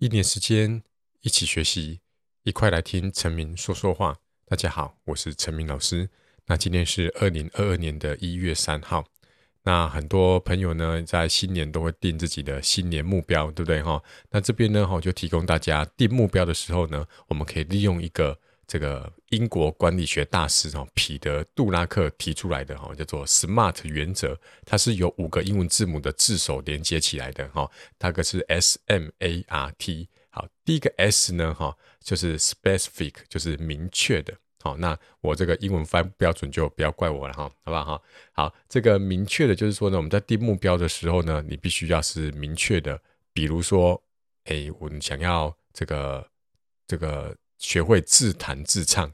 一年時間，一起學習，一塊來聽陳明說說話。大家好，我是陳明老師。那今天是二零二二年的一月三號。那很多朋友呢，在新年都會定自己的新年目標，對不對哈？那這邊呢，我就提供大家定目標的時候呢，我們可以利用一個。這個英國管理學大師哈彼得·杜拉克提出來的哈叫做 SMART 原則，它是由五個英文字母的字首連接起來的哈，它概是 S M A R T。好，第一個 S 呢哈就是 specific，就是明確的。好，那我這個英文發音不標準就不要怪我了哈，好不好？好，這個明確的就是說呢，我們在定目標的時候呢，你必須要是明確的，比如說哎，我們想要這個這個。學會自彈自唱，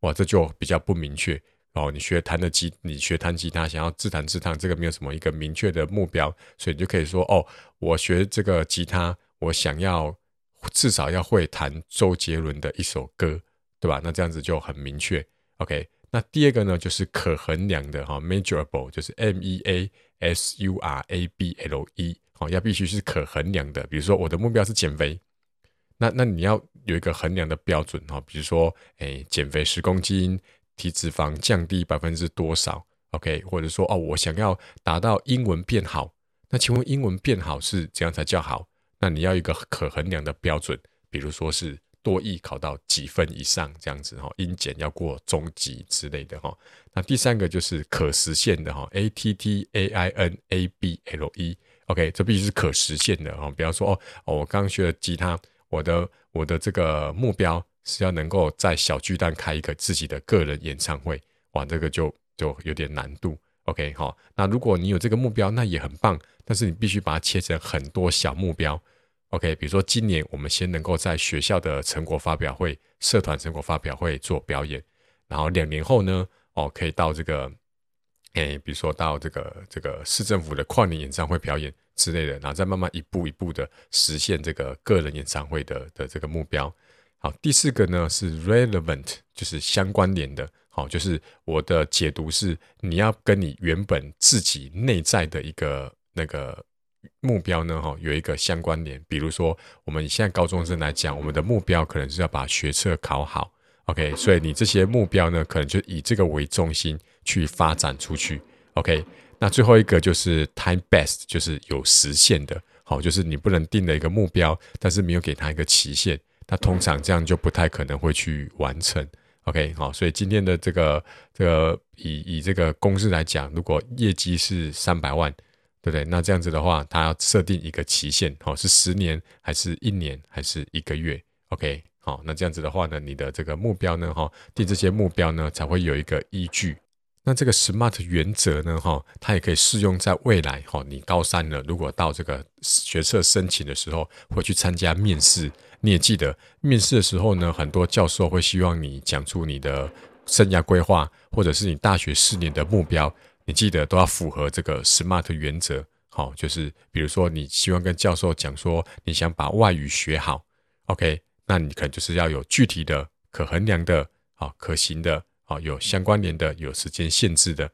哇，這就比較不明確。哦，你學彈的吉，你學彈吉他，想要自彈自唱，這個沒有什麼一個明確的目標，所以你就可以說，哦，我學這個吉他，我想要至少要會彈周杰倫的一首歌，對吧？那這樣子就很明確。OK，那第二個呢，就是可衡量的哈，哦，measurable 就是 M E A S U R A B L E，哦，要必須是可衡量的。比如說，我的目標是減肥。那那你要有一個衡量的標準哈、哦，比如說誒減肥十公斤，體脂肪降低百分之多少，OK？或者說哦我想要達到英文變好，那請問英文變好是怎樣才叫好？那你要一個可衡量的標準，比如說是多益考到幾分以上這樣子哈、哦，英檢要過中級之類的哈、哦。那第三個就是可實現的哈、哦、，A T T A I N A B L E，OK？、Okay? 這必須是可實現的啊、哦，比方說哦,哦我剛剛學了吉他。我的我的這個目標是要能夠在小巨蛋開一個自己的個人演唱會，哇，這個就就有點難度。OK，好、哦，那如果你有這個目標，那也很棒，但是你必須把它切成很多小目標。OK，比如說今年我們先能夠在學校的成果發表會、社團成果發表會做表演，然後兩年後呢，哦，可以到這個。哎，比如說到這個這個市政府的跨年演唱會表演之類的，然後再慢慢一步一步的實現這個個人演唱會的的這個目標。好，第四個呢是 relevant，就是相關聯的。好、哦，就是我的解讀是，你要跟你原本自己內在的一個那個目標呢，哈、哦，有一個相關聯。比如說，我們現在高中生來講，我們的目標可能是要把學測考好。OK，所以你這些目標呢，可能就以這個為中心。去發展出去，OK，那最後一個就是 time-bound，就是有時限的，好，就是你不能定的一個目標，但是沒有給他一個期限，它通常這樣就不太可能會去完成，OK，好，所以今天的這個這個以以這個公司來講，如果業績是三百萬，對不對？那這樣子的話，它要設定一個期限，好，是十年還是一年還是一個月？OK，好，那這樣子的話呢，你的這個目標呢，哈，定這些目標呢，才會有一個依據。那這個 SMART 原則呢，它也可以適用在未來，你高三了，如果到這個學測申請的時候，會去參加面試，你也記得面試的時候呢，很多教授會希望你講出你的生涯規劃，或者是你大學四年的目標，你記得都要符合這個 SMART 原則。就是比如說你希望跟教授講說你想把外語學好，OK，那你可能就是要有具體的、可衡量的、可行的。好，有相關聯的，有時間限制的，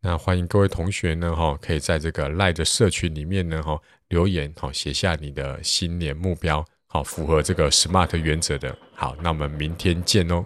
那歡迎各位同學呢，哈，可以在這個賴的社群裡面呢，哈，留言，好，寫下你的新年目標，好，符合這個 SMART 原則的，好，那我們明天見哦。